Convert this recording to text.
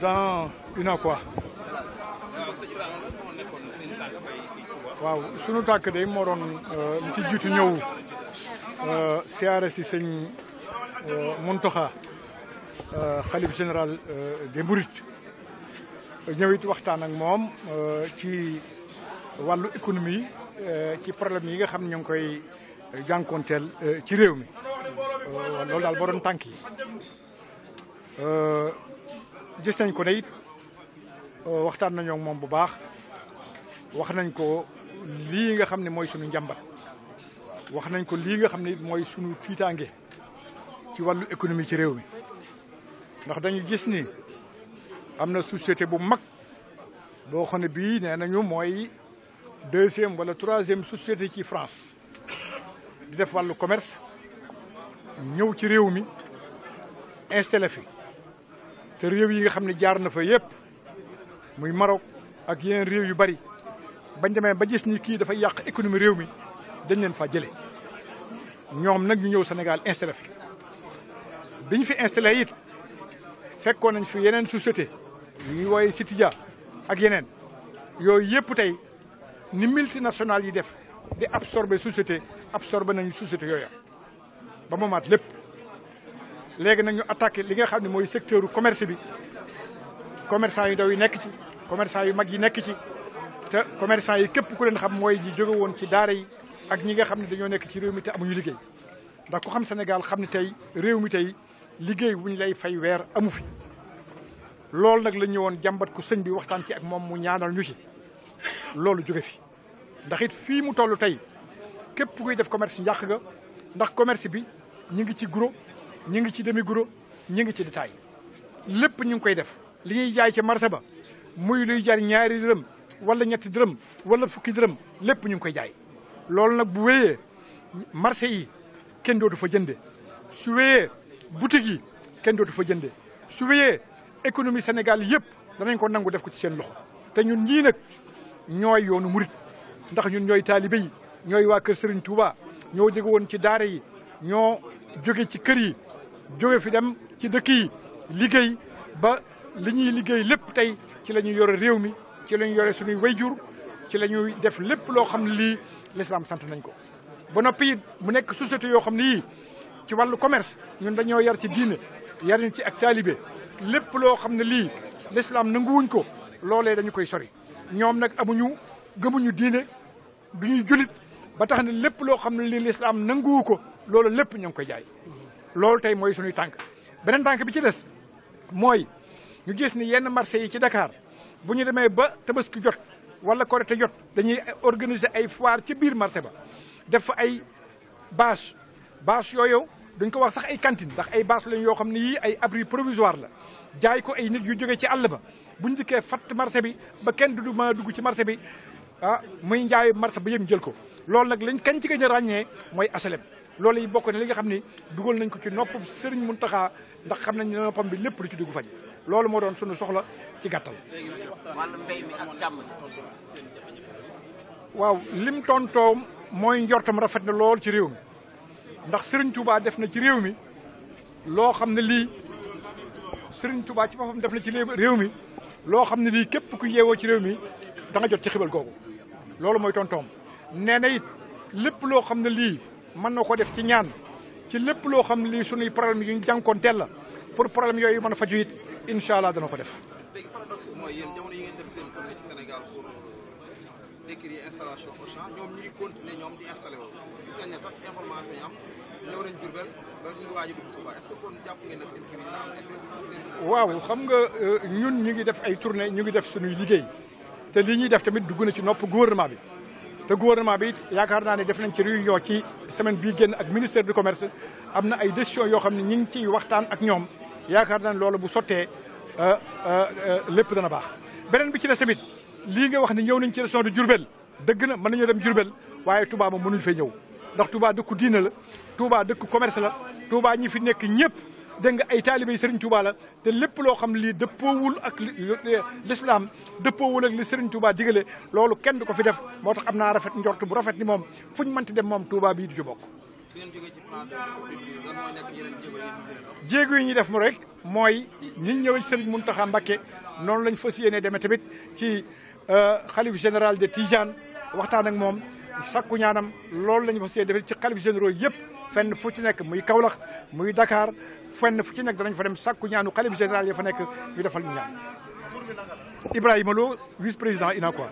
dans une an waaw sunu tàkk day moo doon euh, li si jiitu ñëw euh, siyaare si sëñ euh, Muntaxa xalif général des Mourides ñëw it waxtaan ak moom ci wàllu économie ci problème yi nga xam ñu ngi koy jànkoonteel ci réew mi loolu daal moo doon tànk yi gis nañ ko ne euh, waxtaan nañoo moom bu baax wax nañ ko lii nga xam ne mooy sunu njàmbat wax nañ ko lii nga xam ne mooy sunu tiitaange ci wàllu économie ci réew mi ndax dañu gis ni am na société bu mag boo xam ne bii nee nañu mooy deuxième wala troisième société ci France di def wàllu commerce ñëw ci réew mi installé te réew yi nga xam ne jaar na fa yépp muy Maroc ak yeneen réew yu bari bañ demee ba gis ni kii dafay yàq économie réew mi dañ leen fa jële ñoom nag ñu ñëw senegal installé fi biñ fi installé it fekkoon nañ fi yeneen société ñuy wooye Citidia ak yeneen yooyu yépp tey ni multinationales yi def di absorber société absorber nañu société yooya ba moomaat lépp léegi nag ñu attaqué li nga xam ne mooy secteur commerce bi commerçant yu ndaw yi nekk ci commerçant yu mag yi nekk ci te commerçant yi képp ku leen xam mooy ji jóge woon ci daara yi ak ñi nga xam ne dañoo nekk ci réew mi te amuñu liggéey ndax ku xam Sénégal xam ne tey réew mi tey liggéey bu lay fay weer amu fi loolu nag la ñu woon jàmbat ku sëñ bi waxtaan ci ak moom mu ñaanal ñu ci loolu jóge fi ndax it fii mu toll tey képp kuy def commerce njàq ga ndax commerce bi ñu ngi ci gros ñu ngi ci demi gros ñu ngi ci détail lépp ñu ngi koy def li ñuy jaay ci marché ba muy luy jar ñaari dërëm wala ñetti dërëm wala fukki dërëm lépp ñu ngi koy jaay loolu nag bu wéyee marché yi kenn dootu fa jënde su wéyee boutique yi kenn dootu fa jënde su wéyee économie Sénégal yëpp danañ ko nangu def ko ci seen loxo te ñun ñii nag ñooy yoonu murit ndax ñun ñooy taalibe yi ñooy waa kër Serigne Touba ñoo jóge woon ci daara yi ñoo jóge ci kër yi jóge fi dem ci dëkk yi liggéey ba li ñuy liggéey lépp tey ci la ñuy yore réew mi ci la yore yore way jur ci la ñuy def lépp loo xam ne lii lislaam sant nañ ko ba noppi it mu nekk société yoo xam ne yii ci wàllu commerce ñun dañoo yar ci diine yar ñu ci ak taalibe lépp loo xam ne lii lislaam nanguwuñ ko loolee dañu koy sori ñoom nag amuñu gëmuñu diine du ñuy julit ba tax ne lépp loo xam ne lii lislaam nanguwu ko loolu lépp ñoo ngi koy jaay loolu tey mooy suñuy tànk beneen tànk bi ci des mooy ñu gis ni yenn marché yi ci Dakar bu ñu demee ba tabaski jot wala korite jot dañuy organiser ay foire ci biir marché ba def fa ay bâche bâche yooyu duñ ko wax sax ay cantine ndax ay bâche lañ yoo xam ne yii ay abri provisoire la jaay ko ay nit yu jóge ci àll ba buñ dikkee fat marché bi ba kenn du ma dugg ci marché bi ah muy njaayu marché ba yëm jël ko loolu nag lañ kañ ci gën ràññee mooy HLM loolu yi bokk na li nga xam ni dugal nañ ko ci noppam sëriñ Muntaxa ndax xam nañ ne noppam bi lépp lu ci dugg faj loolu moo doon sunu soxla ci gàttal. wàllu mbéy mi ak càmm waaw lim tontoom mooy njortam rafet na lool ci réew mi ndax sëriñ Touba def na ci réew mi loo xam ne lii sëriñ Touba ci boppam def na ci réew mi loo xam ne lii képp ku yeewoo ci réew mi da nga jot ci xibal googu loolu mooy tontoom nee lépp loo xam ne lii. mën na ko def ci ñaan ci lépp loo xam li suñuy problème yu ñu jànkoonteel la pour problème yooyu mën a faju it incha allah dana ko def. léegi euh, waaw xam nga euh, ñun ñu ngi def ay tournée ñu ngi def suñuy liggéey te lii ñuy def tamit dugg na ci nopp gouvernement bi. te gouvernement bi yaakaar naa ne def nañ ci réunion ci semaine bii génn ak ministère du commerce am na ay décision yoo xam ne ñi ngi ciy waxtaan ak ñoom yaakaar naa ne loolu bu sottee euh, euh, euh, lépp dana baax. beneen bi ci des tamit lii nga wax ni ñëw nañ ci région de Diourbel dëgg na mën nañoo dem Diourbel waaye Touba moom mënuñu fee ñëw ndax Touba dëkku diina la Touba dëkku commerce la Touba ñi fi nekk ñëpp. dégg nga ay taalibéy Serigne Touba la te lépp loo xam lii dëppoowul ak l'islam dëppoowul ak li Serigne Touba digale loolu kenn du ko fi def moo tax am naa rafet njort bu rafet ni moom fuñ mënti dem moom Touba bii du ci bokk. jéego yi ñuy def mu rek mooy ñi ñëwee Serigne Mountakha Mbacké noonu lañ fas yéenee demee tamit ci xalif euh, général de Tijane waxtaan ak moom. sakku ñaanam loolu la ñu fas yéene defee ci xalif généraux yëpp fenn fu ci nekk muy Kaolack muy Dakar fenn fu ci nekk danañ fa dem sakku ñaanu xalif général ya fa nekk ñu defal ñu ñaan Ibrahima Lo vice président UNACOIS